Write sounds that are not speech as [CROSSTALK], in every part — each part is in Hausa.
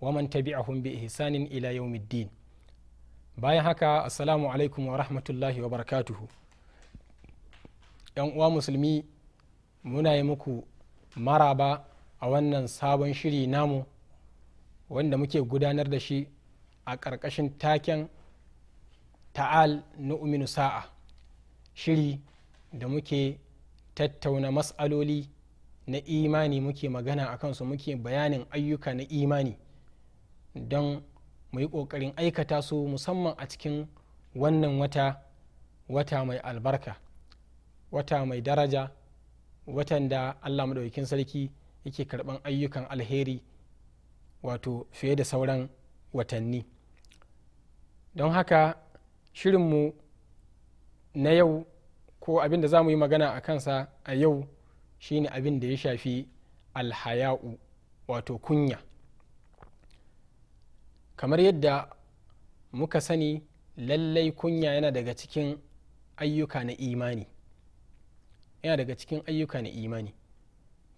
waman tabi'ahum bi ihsanin ila yawmiddin bayan haka assalamu alaikum wa rahmatullahi wa barakatuhu yan uwa musulmi muna yi muku maraba a wannan sabon shiri namu wanda muke gudanar da shi a ƙarƙashin taken ta'al nu'minu sa'a shiri da muke tattauna matsaloli na imani muke magana a kansu muke bayanin ayyuka na imani don mu yi ƙoƙarin aikata su musamman a cikin wannan wata wata mai albarka wata mai daraja watan da allah maɗaukin sarki yake karɓan ayyukan alheri wato fiye da sauran watanni don haka shirinmu na yau ko abin da za mu yi magana a kansa a yau shine abin da ya shafi alhaya'u wato kunya kamar yadda muka sani lallai kunya yana daga cikin ayyuka na imani yana daga cikin ayyuka na imani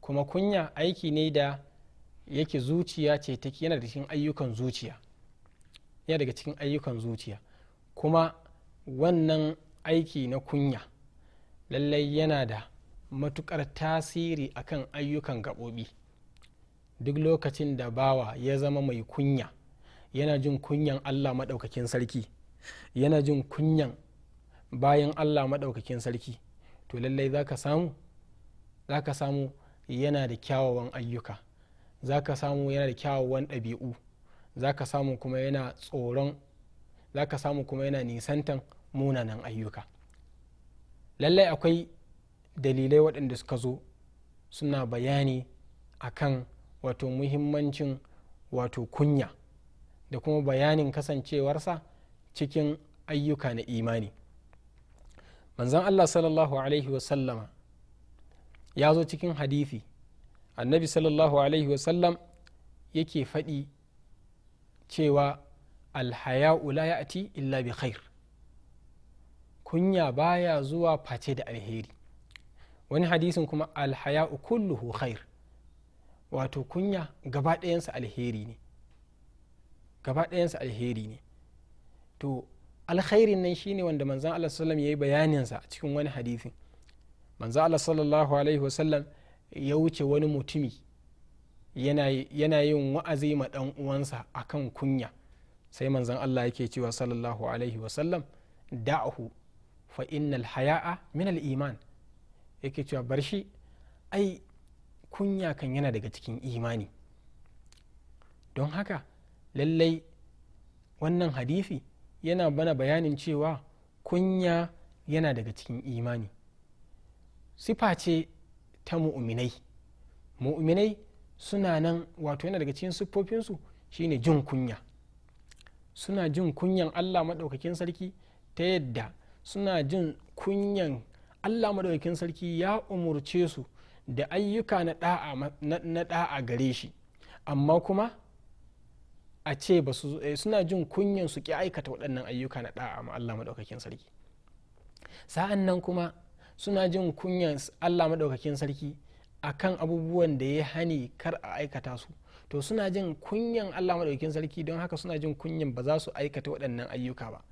kuma kunya aiki ne da yake zuciya ce take yana daga cikin ayyukan zuciya yana daga cikin ayyukan zuciya kuma wannan aiki na kunya lallai yana da matukar tasiri akan ayyukan gaɓoɓi duk lokacin da bawa ya zama mai kunya yana jin kunyan allah maɗaukakin sarki yana jin kunyan bayan allah maɗaukakin sarki to lallai za ka samu yana da kyawawan ayyuka za ka samu yana da kyawawan ɗabi'u za ka samu kuma yana tsoron za ka samu kuma yana nisantan munanan ayyuka lallai akwai dalilai waɗanda suka zo suna bayani akan wato muhimmancin wato kunya da kuma bayanin kasancewarsa cikin ayyuka na imani manzon allah sallallahu alaihi wasallama ya zo cikin hadithi annabi sallallahu alaihi wasallam yake faɗi cewa alhaya'u la ya'ti illa bi khair kunya baya zuwa face da alheri wani hadisin kuma alhaya'u kulluhu khair wato kunya gaba ɗayansa alheri ne gaba ɗayansa alheri ne to alkhairin nan shine wanda manzan Allah sallam ya yi bayaninsa a cikin wani hadithi manzan Allah sallallahu alaihi wasallam ya wuce wani mutumi yana yin wa'azi ma ɗan uwansa akan kunya sai manzan Allah yake cewa sallallahu alaihi wasallam da'ahu fa innal haya'a min al iman yake cewa bar shi ai kunya kan yana daga cikin imani don haka lallai wannan hadifi yana bana bayanin cewa kunya yana daga cikin imani sifa ce ta mu'uminai mu'uminai suna nan wato yana daga cikin siffofinsu shine jin kunya suna jin kunyan allah maɗaukakin sarki ta yadda suna jin kunyan allah maɗaukakin sarki ya umurce su da ayyuka na ɗa'a gare shi amma kuma a ce ba su eh, suna jin kunyan su ki aikata waɗannan ayyuka na da'a ma Allah madaukakin sarki sa'an nan kuma suna jin kunyan Allah madaukakin sarki akan abubuwan da ya hani kar a aikata su to suna jin kunyan Allah madaukakin sarki don haka suna jin kunyan ba za su aikata waɗannan ayyuka ba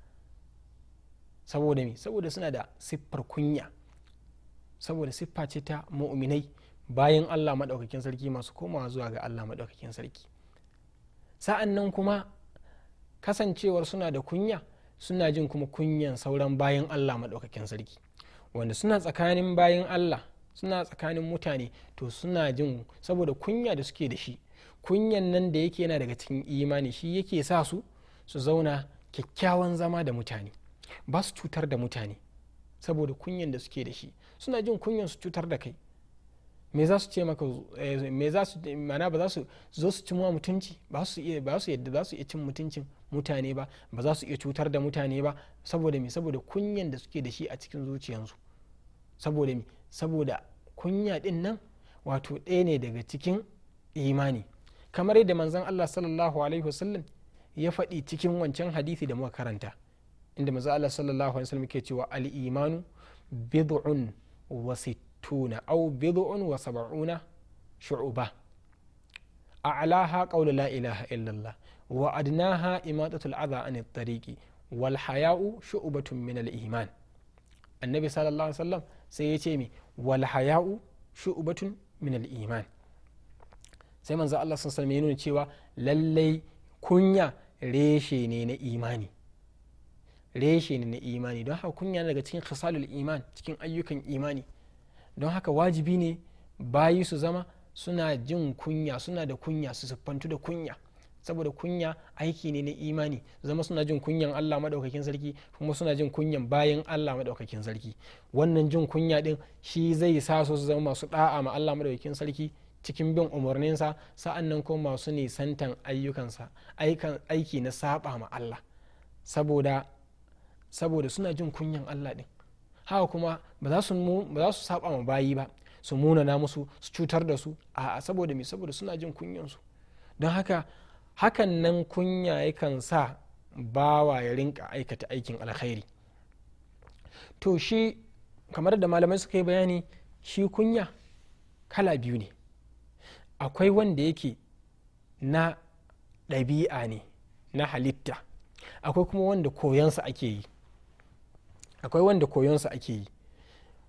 saboda me saboda suna da siffar kunya saboda siffa ce ta mu'minai bayan Allah madaukakin sarki masu komawa zuwa ga Allah madaukakin sarki sa'an nan kuma kasancewar suna da kunya suna jin kuma kunyan sauran bayan allah maɗaukakin sarki wanda suna tsakanin bayan allah suna tsakanin mutane to suna jin saboda kunya da suke da shi kunyan nan da yake yana daga cikin imani shi yake sa su su zauna kyakkyawan zama da mutane ba su cutar da mutane saboda kunyan da suke da shi suna jin kunyan su cutar da kai me za su ce maka eh, me za su mana ba za su zo su cimma mutunci ba su iya ba su yadda za su iya cin mutuncin mutane ba ba za su iya cutar da mutane ba saboda me saboda kunyan da suke da shi a cikin zuciyansu saboda me saboda kunya din nan wato ɗaya ne daga cikin imani kamar yadda manzon Allah sallallahu alaihi wasallam ya faɗi cikin wancan hadisi da muka karanta inda manzon Allah sallallahu alaihi wasallam ke cewa al-imanu bid'un wa tuna au bid'un wa sab'una shu'uba a'laha qawlu la ilaha illallah wa adnaha imatatul adha an tariqi wal haya'u shu'batun min iman annabi sallallahu alaihi wasallam sai ya ce mi wal haya'u shu'batun min iman sai manzo Allah sallallahu alaihi wasallam ya nuna cewa lallai kunya reshe ne na imani reshe ne na imani don haka kunya daga cikin khisalul iman cikin ayyukan imani don haka wajibi ne bayi su zama suna jin kunya suna da kunya su siffantu da kunya saboda kunya aiki ne na imani zama suna jin kunyan Allah maɗaukakin sarki kuma suna jin kunyan bayan Allah maɗaukakin sarki wannan jin kunya ɗin shi zai sa su zama masu ɗa'a ma Allah maɗaukakin sarki cikin bin umarninsa sa'an nan kuma masu nisantan ayyukansa aiki na saba ma Allah saboda saboda suna jin kunyan Allah ɗin haka kuma ba za su saba ma bayi ba su munana musu su cutar da su a saboda mai saboda suna jin kunyansu don haka hakan nan kunya yakan sa bawa ya rinka aikata aikin alkhairi to shi kamar da malamai suka yi bayani shi kunya kala biyu ne akwai wanda yake na ɗabi'a ne na halitta akwai kuma wanda koyansa ake yi akwai wanda koyonsa ake yi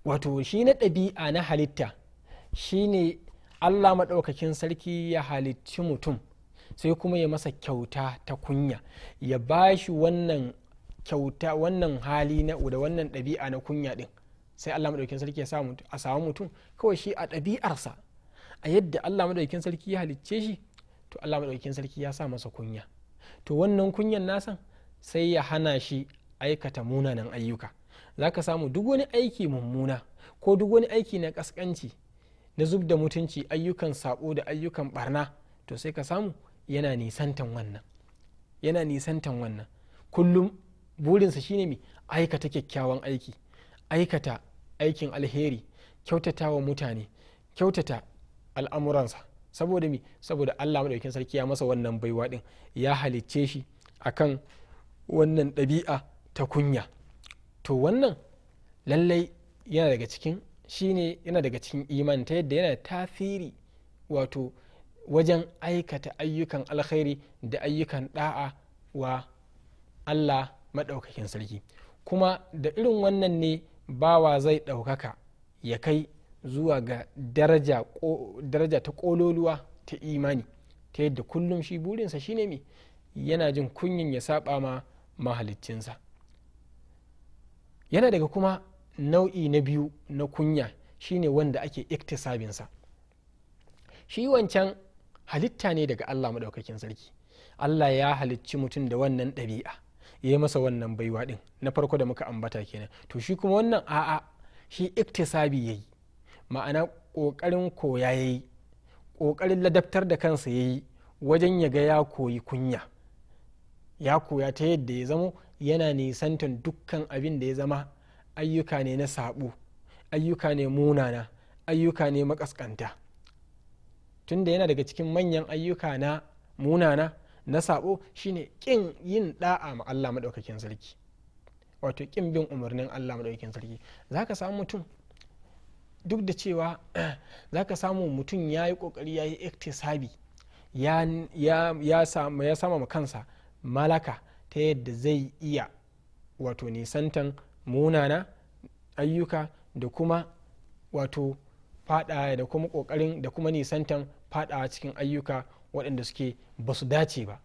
wato shi na ɗabi'a na halitta shi ne allah maɗaukakin sarki ya halicci mutum sai kuma ya masa kyauta ta kunya ya ba shi wannan kyauta wannan hali na da wannan ɗabi'a na kunya ɗin sai allah maɗaukakin sarki ya a samu mutum kawai shi a ɗabi'arsa a yadda allah maɗaukakin sarki ya halicce shi to allah maɗaukakin sarki ya sa masa kunya to wannan kunyan nasan sai ya hana shi aikata munanan ayyuka za ka samu duk wani aiki mummuna ko duk wani aiki na ƙasƙanci na zub da mutunci ayyukan sabo da ayyukan barna to sai ka samu yana nisantan wannan yana nisantan wannan kullum burinsa shine mai aikata kyakkyawan aiki aikata aikin alheri kyautata wa mutane kyautata al'amuransa saboda mi saboda allah maɗaukin sarki ya masa wannan baiwa ɗin ya halicce shi akan wannan ɗabi'a ta kunya to wannan lallai yana daga cikin shine yana daga cikin iman ta yadda yana tasiri wato wajen aikata ayyukan alkhairi da ayyukan da'a wa allah maɗaukakin sarki kuma da irin wannan ne bawa zai ɗaukaka ya kai zuwa ga daraja, ta ƙololuwa ta imani ta yadda kullum shi burinsa shine me yana jin kunyin ya saba ma mahaliccinsa yana daga kuma nau'i na biyu na kunya shine wanda ake iktisabinsa shi wancan halitta ne daga allah maɗaukakin sarki allah ya halicci mutum da wannan ɗabi'a ya yi masa wannan baiwa ɗin na farko da muka ambata kenan to shi kuma wannan a'a shi iktisabi ya yi ma'ana ƙoƙarin koya ya yi ƙoƙarin ladabtar da kansa ya yi wajen ya ga ya koyi kunya ya koya ta yadda ya zamo yana nisantan dukkan abin da ya zama ayyuka ne na saɓo ayyuka ne munana ayyuka ne makaskanta tunda yana daga cikin manyan ayyuka na munana na saɓo shine kin yin da'a ma Allah madaukakin sarki wato kin bin umarnin Allah madaukakin sarki zaka samu mutum duk da cewa [CLEARS THROAT] zaka samu mutum ya yi ƙoƙari ya yi iktisabi ya sama kansa malaka ta yadda zai iya wato nisantan munana ayyuka da kuma wato fada da kuma kokarin da kuma nisantan fadawa cikin ayyuka waɗanda suke ba su dace ba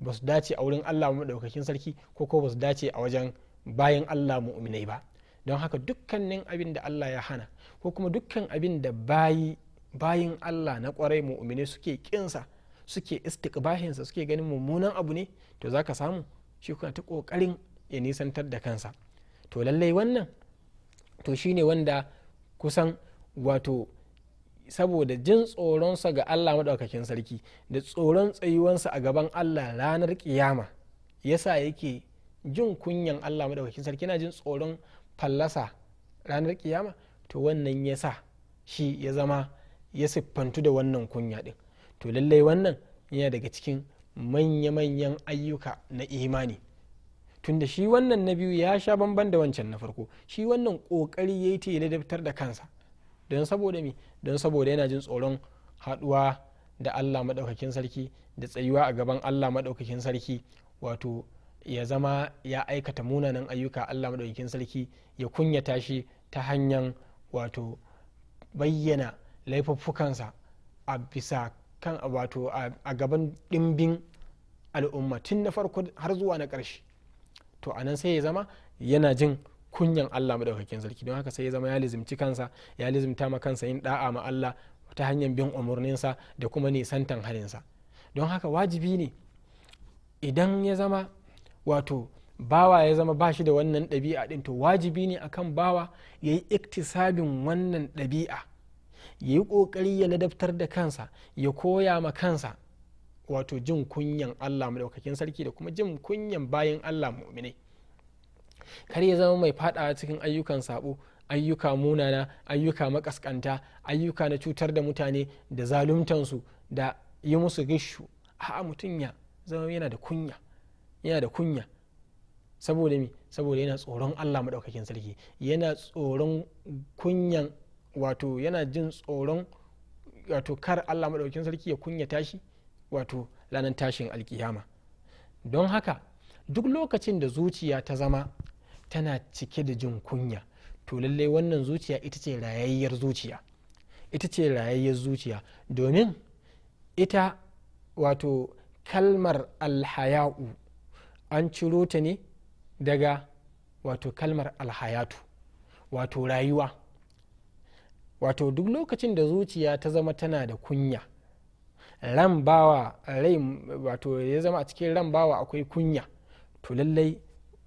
ba su dace a wurin allah maɗaukakin sarki ko ko ba su dace a wajen bayan allah mu'minai ba don haka dukkanin abin da allah ya hana ko kuma dukkan abin da bayi bayin allah na kwarai mu'minai suke kinsa suke istikbahinsa suke ganin mummunan abu ne to za ka samu shi kuna ta kokarin ya nisantar da kansa to lallai wannan to shine wanda kusan wato saboda jin tsoronsa ga Allah maɗaukakin sarki da tsoron tsayuwansa a gaban Allah ranar kiyama yasa yake jin kunyan Allah maɗaukakin sarki yana jin tsoron fallasa ranar kiyama to wannan yasa shi ya zama ya siffantu da wannan kunya ɗin to lallai wannan yana daga cikin manya-manyan ayyuka na imani tunda shi wannan na biyu ya sha bamban da wancan na farko shi wannan kokari ya yi ta ladabtar da kansa don saboda me don saboda yana jin tsoron haduwa da allah maɗaukakin sarki da tsayuwa a gaban allah maɗaukakin sarki wato ya zama ya aikata munanan ayyuka allah maɗaukakin sarki ya kunyata shi ta hanyar wato bayyana laifuffukansa a bisa kan wato a gaban dimbin al'umma tun na farko har zuwa na karshe to a nan sai ya zama yana jin kunyan Allah madaukakin sarki don haka sai ya zama ya lizimci kansa ya lizimta ma kansa yin da'a ma Allah ta hanyar bin umarninsa da kuma nisantan halinsa don haka wajibi ne idan ya zama wato bawa ya zama ba shi da wannan ɗabi'a ɗin to wajibi ne akan bawa ya yi iktisabin wannan ɗabi'a ya yi ƙoƙari ya ladabtar da kansa ya koya ma kansa wato jin kunyan allah maɗaukakin sarki da kuma jin kunyan bayan allah mu'minai kar ya zama mai fada cikin ayyukan sabo ayyuka munana ayyuka makaskanta ayyuka na cutar da mutane da zaluntansu da yi musu gishu a mutum ya zama yana da kunya yana da kunya saboda mi saboda yana tsoron allah maɗaukakin sarki yana tsoron kunyan wato yana jin tsoron wato kar allah maɗaukin sarki ya kunya tashi wato ranar tashin alkiyama don haka duk lokacin da zuciya ta zama tana cike da jin kunya to lallai wannan zuciya ita ce rayayyar zuciya ita ce rayayyar zuciya domin ita wato kalmar alhaya'u an ciro ta ne daga wato kalmar alhayatu wato rayuwa wato duk lokacin da zuciya ta zama tana da kunya ran bawa rai wato ya zama a cikin ran bawa akwai kunya to lallai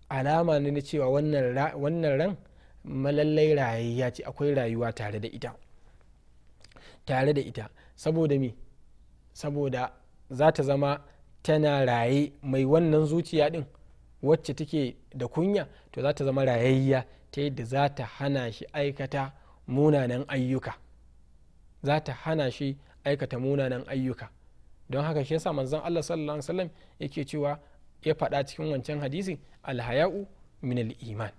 alama ne na cewa wannan ran malallai rayayya ce akwai rayuwa tare da ita tare da ita saboda me saboda za ta zama tana raye mai wannan zuciya din wacce take da kunya to za ta zama rayayya ta yadda za ta hana shi aikata munanan ayyuka za ta hana shi aikata munanan ayyuka don haka shi yasa manzon Allah sallallahu alaihi wasallam yake cewa ya faɗa cikin wancan hadisi alhaya'u min iman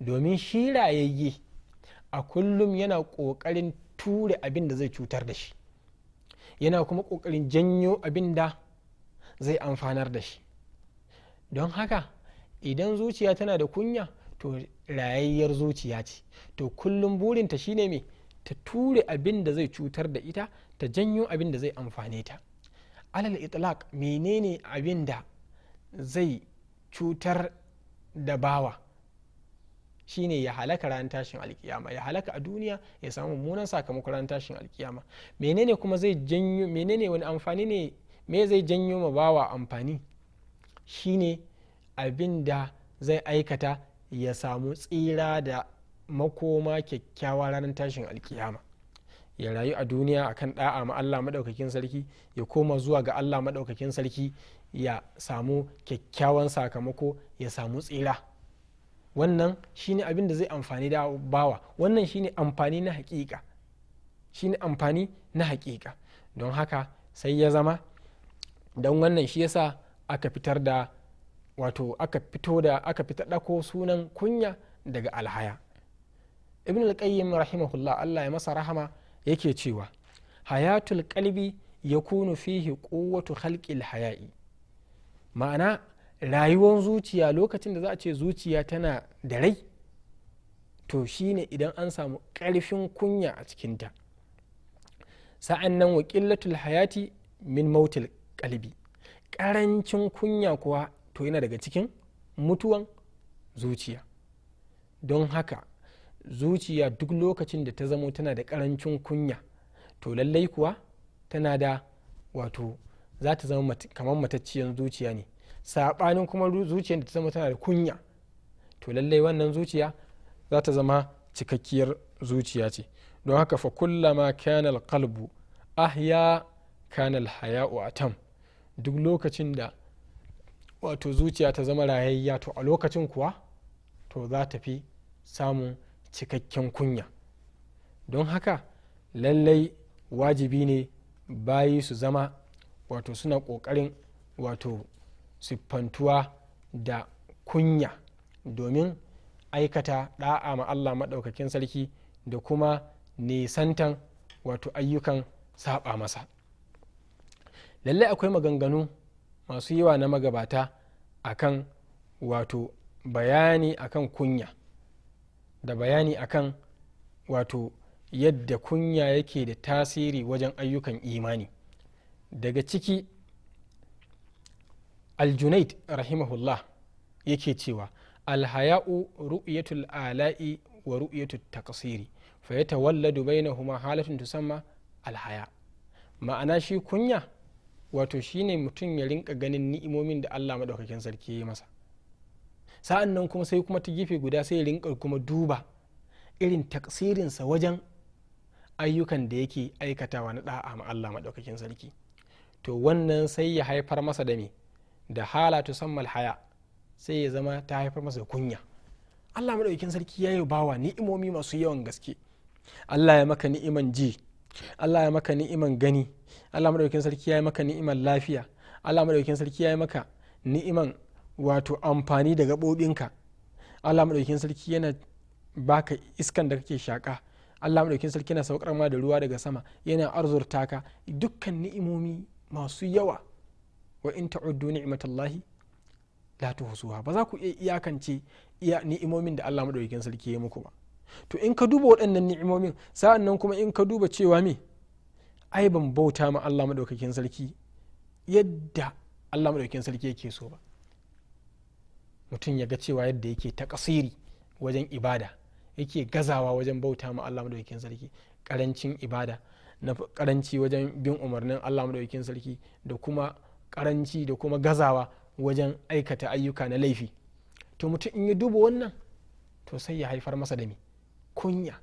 domin shi rayayye a kullum yana ƙoƙarin ture abin da zai cutar da shi yana kuma ƙoƙarin janyo abin da zai amfanar da shi don haka idan zuciya tana da kunya to rayayyar zuciya ce to kullum burinta shine me ta ture abin da zai cutar da ita ta janyo abin da zai amfane ta alal itlaq menene abin da zai cutar da bawa shine ya halaka ran tashin alkiyama ya halaka a duniya ya samu mummunan sakamakon ran tashin alkiyama menene kuma zai janyo menene wani amfani ne me zai janyo ma bawa amfani shine abin da zai aikata ya samu tsira da makoma kyakkyawa ranar tashin alkiyama ya rayu a duniya akan da'a ma Allah maɗaukakin sarki ya koma zuwa ga Allah maɗaukakin sarki ya samu kyakkyawan sakamako ya samu tsira wannan shine abin da zai amfani da bawa wannan shine amfani na haƙiƙa shine amfani na haƙiƙa don haka sai ya zama don wannan shi yasa aka fitar da wato aka fito da aka fita ɗako sunan kunya daga alhaya ibn al-qayyim rahimahullah Allah ya masa rahama yake cewa hayatul ya yakunu fihi quwwatu khalqil haya'i ma'ana rayuwar zuciya lokacin da za a ce zuciya tana da rai to shine idan an samu ƙarfin kunya a cikinta sa'an nan waƙillatul hayati min mautil kalbi ƙarancin kunya kuwa to yana daga cikin mutuwan zuciya don haka zuciya duk lokacin da ta zamo tana da karancin kunya to lallai kuwa tana da wato za ta zama kamar matacciyar zuciya ne saɓanin kuma zuciyar da ta zama tana da kunya to lallai wannan zuciya za ta zama cikakkiyar zuciya ce don haka fa kullama kana alqalbu ahya kana alhaya'u atam duk lokacin da wato zuciya ta zama rayayya to a lokacin kuwa to za ta fi samun cikakken kunya don haka lallai wajibi ne bayi su zama wato suna ƙoƙarin wato siffantuwa da kunya domin aikata ɗa'a ma allah maɗaukakin sarki da kuma nisantan wato ayyukan saɓa masa lallai akwai maganganu masu yawa na magabata akan wato bayani akan kunya da bayani akan wato yadda kunya yake da tasiri wajen ayyukan imani daga ciki aljunaid rahimahullah yake cewa alhaya'u ru'yatul ala'i wa ru'yatul taqsiri fa na huma halatun tusamma alhaya ma'ana shi kunya wato shine mutum ya rinka ganin ni'imomin da allah maɗaukakin sarki ya yi masa sa'an nan kuma sai kuma ta gefe guda sai ya rinka kuma duba irin taksirinsa wajen ayyukan da yake aikatawa na ɗa'a ma allah maɗaukakin sarki to wannan sai ya haifar masa da me da hala ta sammal haya sai ya zama ta haifar masa kunya allah maɗaukakin sarki ya yi bawa ni'imomi masu yawan gaske allah ya maka ni'iman ji Allah ya maka ni'iman gani Allah madaukakin sarki ya maka ni'iman lafiya Allah madaukakin sarki ya maka ni'iman wato amfani da gaɓoɓinka Allah madaukakin sarki yana baka iskan da kake shaka Allah madaukakin sarki yana saukar ma da ruwa daga sama yana arzurta ka dukkan ni'imomi masu yawa wa in ta'uddu ni'matallahi la tuhsuha ba za ku iya iyakance iya ni'imomin da Allah madaukakin sarki ya muku ba to in ka duba waɗannan ni'imomin sa'an nan kuma in ka duba cewa me ai ban bauta ma Allah maɗaukakin sarki yadda Allah maɗaukakin sarki yake so ba mutum ya ga cewa yadda yake ta kasiri wajen ibada yake gazawa wajen bauta ma Allah maɗaukakin sarki karancin ibada na karanci wajen bin umarnin Allah maɗaukakin sarki da kuma karanci da kuma gazawa wajen aikata ayyuka na laifi to mutum in ya duba wannan to sai ya haifar masa da me kunya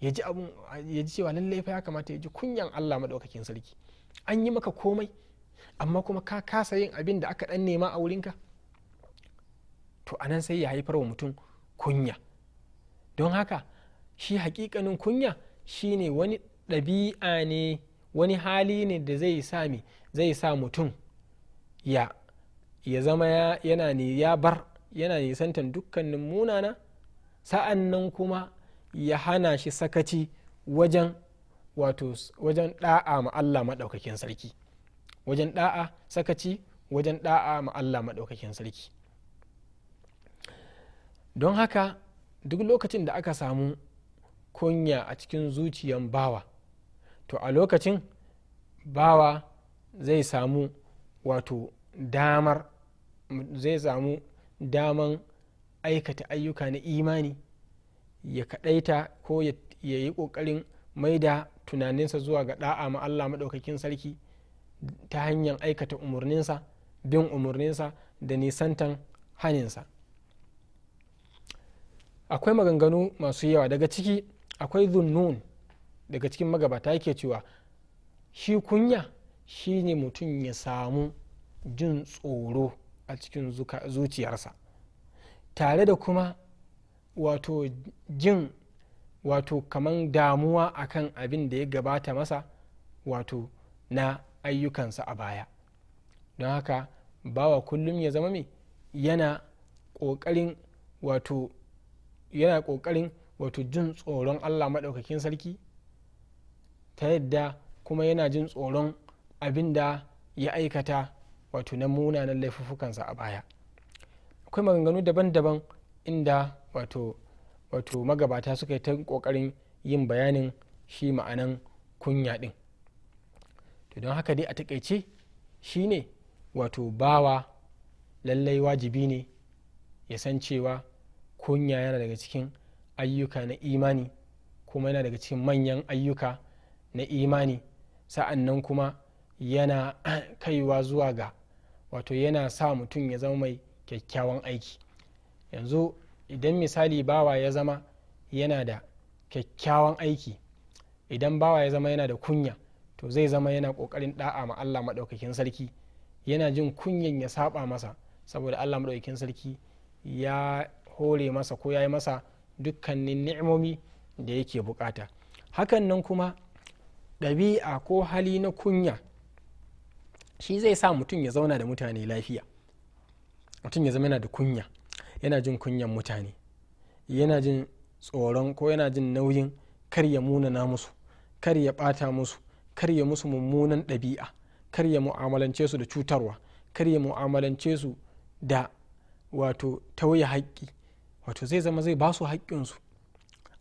ya ji abun ya ji cewa lallai fa ya kamata ya ji kunyan Allah madaukakin sarki an yi maka komai amma kuma ka kasa yin abin da aka dan nema a wurinka to anan sai ya haifar wa mutum kunya don haka shi hakikanin kunya shine wani ɗabi'a ne wani hali ne da zai sa zai sa mutum ya ya zama yana ne ya bar yana nisantan dukkanin munana sa'an nan kuma ya hana shi sakaci wajen wato wajen da'a ma Allah madaukakin sarki wajen da'a sakaci wajen da'a ma Allah madaukakin sarki don haka duk lokacin da aka samu kunya a cikin zuciyan bawa to a lokacin bawa zai samu wato damar zai samu daman aikata ayyuka na imani ya kadaita ko ya yi kokarin mai da tunaninsa zuwa ga da'a ma Allah maɗaukakin sarki ta hanyar aikata umarninsa bin umarninsa da nisantan haninsa akwai maganganu masu yawa daga ciki akwai zunnun daga cikin magabata yake cewa shi kunya shi ne mutum ya samu jin tsoro a cikin zuciyarsa tare da kuma wato jin wato kaman damuwa akan abin da ya gabata masa wato na ayyukansa a baya don haka bawa kullum ya zama mai yana ƙoƙarin wato yana ƙoƙarin wato jin tsoron allah maɗaukakin sarki ta yadda kuma yana jin tsoron abin da ya aikata wato na munanan laifuffukansa a baya akwai maganganu daban-daban inda wato magabata suka yi ta kokarin yin bayanin shi ma'anan kunya din to don haka dai a takaice shi ne wato bawa lallai wajibi ne ya san cewa kunya yana daga cikin ayyuka na imani kuma yana daga cikin manyan ayyuka na imani sa'an nan kuma yana [CLEARS THROAT] kaiwa zuwa ga wato yana sa mutum ya zama mai kyakkyawan aiki yanzu idan misali bawa ya zama yana da kyakkyawan aiki idan bawa ya zama yana da kunya to zai zama yana kokarin da'a ma Allah maɗaukakin sarki yana jin kunyan ya saba masa saboda Allah madaukakin sarki ya hore masa ko ya yi masa dukkanin ni'imomi da yake bukata hakan nan kuma ɗabi'a ko hali na kunya shi zai sa mutum ya zauna da mutane lafiya mutum ya zama yana da kunya yana jin kunyan mutane yana jin tsoron ko yana jin nauyin kar ya munana musu kar ya ɓata musu kar ya musu mummunan ɗabi'a kar ya mu'amalance su da cutarwa kar ya mu'amalance su da wato tauye haƙƙi wato zai zama zai basu haƙƙinsu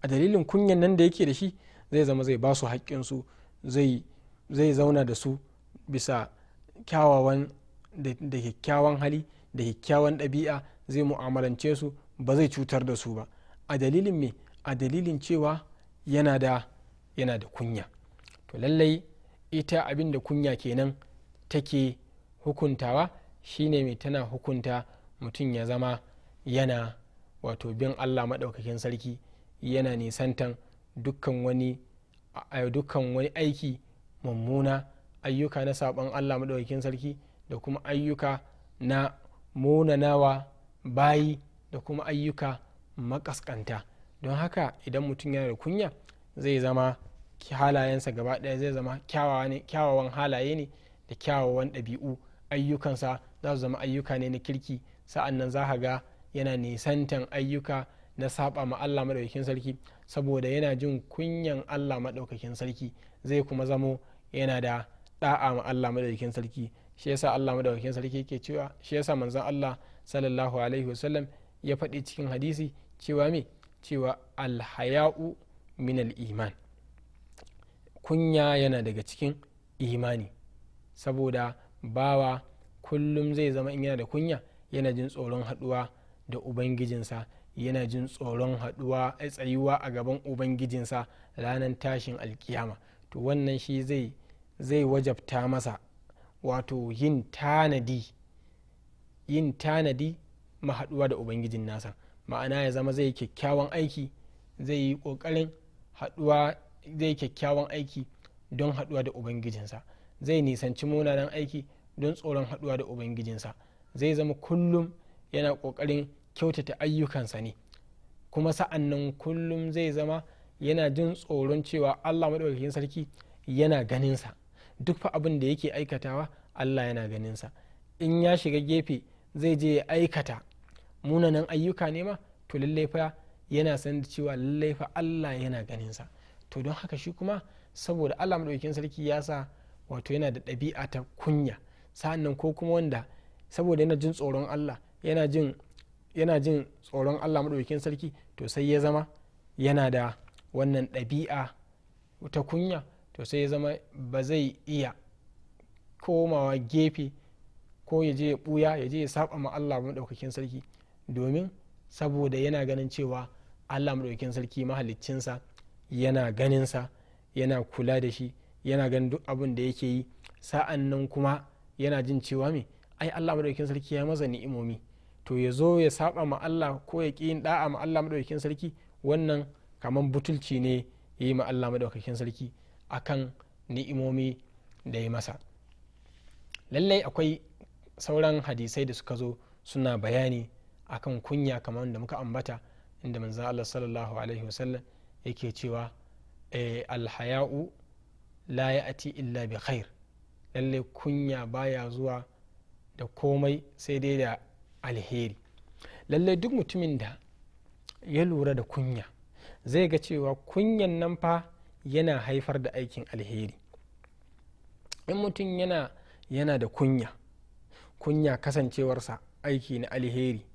a dalilin kunyan nan da yake da shi zai zama zai basu haƙƙinsu zai zauna da su bisa kyawawan da kyakkyawan hali da kyakkyawan ɗabi'a zai mu'amalance su ba zai cutar da su ba a dalilin me a dalilin cewa yana da yana da kunya to lallai ita abin da kunya kenan take hukuntawa shine mai tana hukunta mutum ya zama yana wato bin allah maɗaukakin sarki yana nisantan dukkan wani dukkan wani aiki mummuna ayyuka na saɓon allah maɗaukakin sarki da kuma ayyuka na munanawa bayi da kuma ayyuka makaskanta don haka idan mutum yana da kunya zai zama halayensa gaba ɗaya zai zama kyawawan halaye ne da kyawawan ɗabi'u ayyukansa za su zama ayyuka ne na kirki sa'an nan za ka ga yana nisantan ayyuka na saba ma Allah maɗaukakin sarki saboda yana jin kunyan Allah maɗaukakin sarki zai kuma zamo yana da ɗa'a ma Allah maɗaukakin sarki shi yasa Allah maɗaukakin sarki yake cewa shi yasa manzon Allah sallallahu alaihi wasallam ya faɗi cikin hadisi cewa me cewa alhaya'u minal iman kunya yana daga cikin imani saboda bawa kullum zai zama in yana da kunya yana jin tsoron haɗuwa da ubangijinsa yana jin tsoron haɗuwa a eh, tsayuwa a gaban ubangijinsa ranar tashin alkiyama to wannan shi zai wajabta masa wato yin tanadi yin tanadi mahaɗuwa da ubangijin nasa ma'ana ya zama zai kyakkyawan aiki zai yi ƙoƙarin haɗuwa zai kyakkyawan aiki don haɗuwa da ubangijinsa zai nisanci munanan aiki don tsoron haɗuwa da ubangijinsa zai zama kullum yana ƙoƙarin kyautata ayyukansa ne kuma sa'an nan kullum zai zama yana jin tsoron cewa allah maɗaukakin sarki yana ganinsa duk fa abin da yake aikatawa allah yana ganinsa in ya shiga gefe zai je ya aikata munanan ayyuka ne ma to lallai fa yana san cewa lallai fa Allah yana ganinsa to don haka shi kuma saboda Allah maɗaukin sarki ya sa wato yana da ɗabi'a ta kunya sa'annan ko kuma wanda saboda yana jin tsoron Allah yana jin yana jin tsoron Allah maɗaukin sarki to sai ya zama yana da wannan ɗabi'a ta kunya to sai ya zama ba zai iya komawa gefe ko ya je ya buya ya je ya saba ma Allah madaukakin sarki domin saboda yana ganin cewa Allah madaukakin sarki mahaliccinsa yana ganinsa yana kula da shi yana ganin duk abin da yake yi sa'an nan kuma yana jin cewa me ai Allah madaukakin sarki ya maza ni'imomi to ya zo ya saba ma Allah ko ya ƙi yin da'a ma Allah madaukakin sarki wannan kamar butulci ne ya yi ma Allah madaukakin sarki akan ni'imomi da ya masa lallai akwai sauran hadisai da suka zo suna bayani akan kunya kamar da muka ambata inda manzan Allah sallallahu alaihi wasallam yake cewa eh, alhaya'u la ya'ti illa bi khair lalle kunya baya zuwa da komai sai dai da alheri lalle duk mutumin da ya lura da kunya zai ga cewa kunyan nan fa yana haifar da aikin alheri in mutum yana yana da kunya kunya kasancewarsa aiki na alheri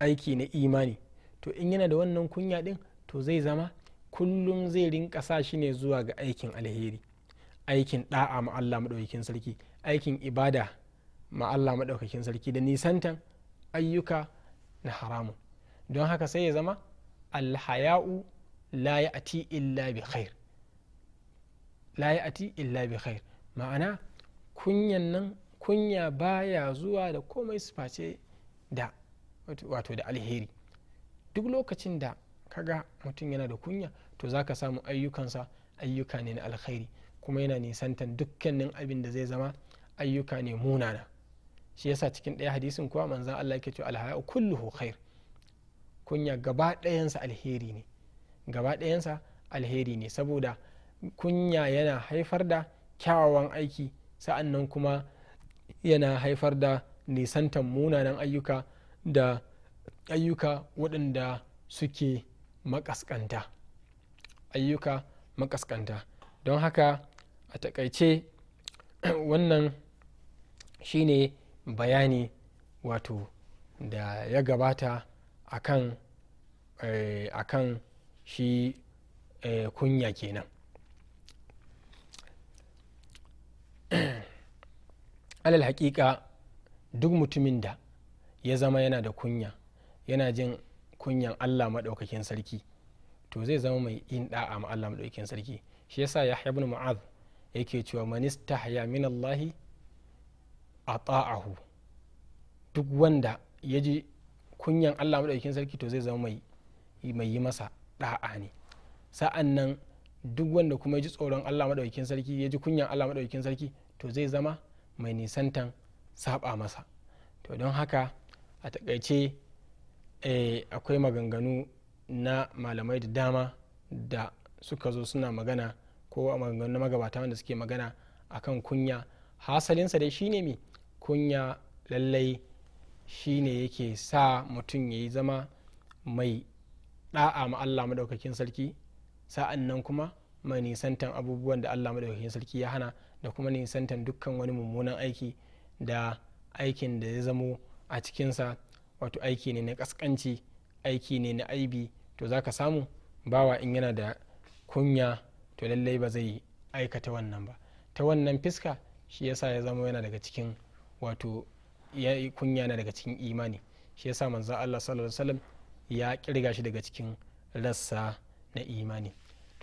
aiki na imani to in yana da wannan kunya din to zai zama kullum zai rinka sa shi ne zuwa ga aikin alheri aikin da'a ma Allah maɗaukakin sarki aikin ibada ma Allah maɗaukakin sarki da nisantan ayyuka na haramun don haka sai ya zama alhaya'u la ya'ti illa bi khair la ya'ti illa bi khair ma'ana kunyan nan kunya baya zuwa da komai su face da wato da alheri duk lokacin da kaga mutum yana da kunya to za ka samu ayyukansa ayyuka ne na alheri kuma yana nisantan dukkanin abin da zai zama ayyuka ne munana shi yasa cikin ɗaya hadisin kuwa manzan Allah yake cewa alhaya kulluhu khair kunya gaba ɗayansa alheri ne gaba ɗayansa alheri ne saboda kunya yana haifar da kyawawan aiki sa'an nan kuma yana haifar da nisantan munanan ayyuka da ayyuka waɗanda suke makaskanta ayyuka makaskanta don haka a takaice [CLEARS THROAT] wannan shine bayani wato da ya gabata akan eh, akan shi eh, kunya kenan alal hakika duk mutumin da ya zama yana da kunya yana jin kunyan allah maɗaukakin sarki to zai zama mai yin da'a ma allah maɗaukakin sarki shi yasa yahya ibn mu'adh yake cewa manista haya min allahi a ta'ahu duk wanda ya ji kunyan allah maɗaukakin sarki to zai zama mai yi masa da'a ne sa'an nan duk wanda kuma ya ji tsoron allah maɗaukakin sarki ya ji kunyan allah maɗaukakin sarki to zai zama mai nisantan saba masa to don haka a takaice eh, akwai maganganu na malamai da dama da suka zo suna magana ko a maganganu na magabata wanda suke magana akan kunya hasalinsa dai shine mi kunya lallai shine yake sa mutum ya yi zama mai da'a ma allah maɗaukakin sarki sa'an nan kuma mai nisantan abubuwan da allah maɗaukakin sarki ya hana da kuma nisantan dukkan wani mummunan aiki da aikin da ya zamo a cikinsa wato aiki ne na kaskanci aiki ne na aibi to za ka samu bawa in yana da kunya to lallai ba zai aikata wannan ba ta wannan fiska shi yasa ya zama yana daga cikin wato ya kunya na daga cikin imani shi yasa manzo Allah sallallahu alaihi ya kirga shi daga cikin rassa na imani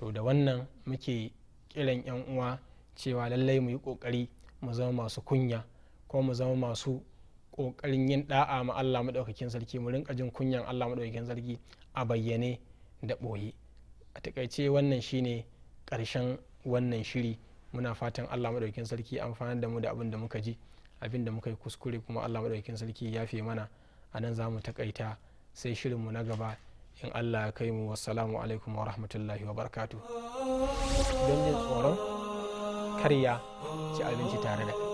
to da wannan muke kiran yan uwa cewa lallai mu yi kokari mu zama masu kunya ko mu zama masu kokarin yin da'a ma Allah madaukakin sarki mu rinka jin kunyan Allah madaukakin sarki a bayyane da boye a takaice wannan shine karshen wannan shiri muna fatan Allah madaukakin sarki amfanar da mu da abin da muka ji abin da muka yi kuskure kuma Allah madaukakin sarki ya fi mana a nan za mu takaita sai shirin mu na gaba in allah ya kai mu wasalamu alaikum wa rahmatullahi wa barkatu don jin tsoron karya ci abinci tare da kai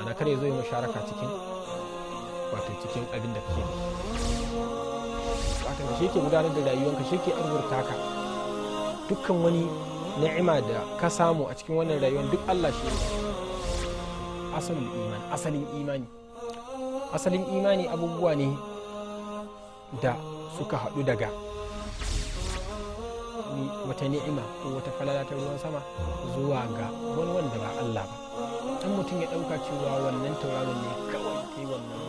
ana kar ya zo yi musharaka cikin wato cikin abin da kake wato shi ke gudanar da rayuwanka shi ke arzurta ka dukkan wani ni'ima da ka samu a cikin wannan rayuwar duk Allah shi asalin imani asalin imani asalin imani abubuwa ne da suka haɗu daga wata ni'ima ko wata falala ta ruwan sama zuwa ga wani wanda ba Allah ba dan mutum ya ɗauka cewa wannan tauraron ne kawai ke wannan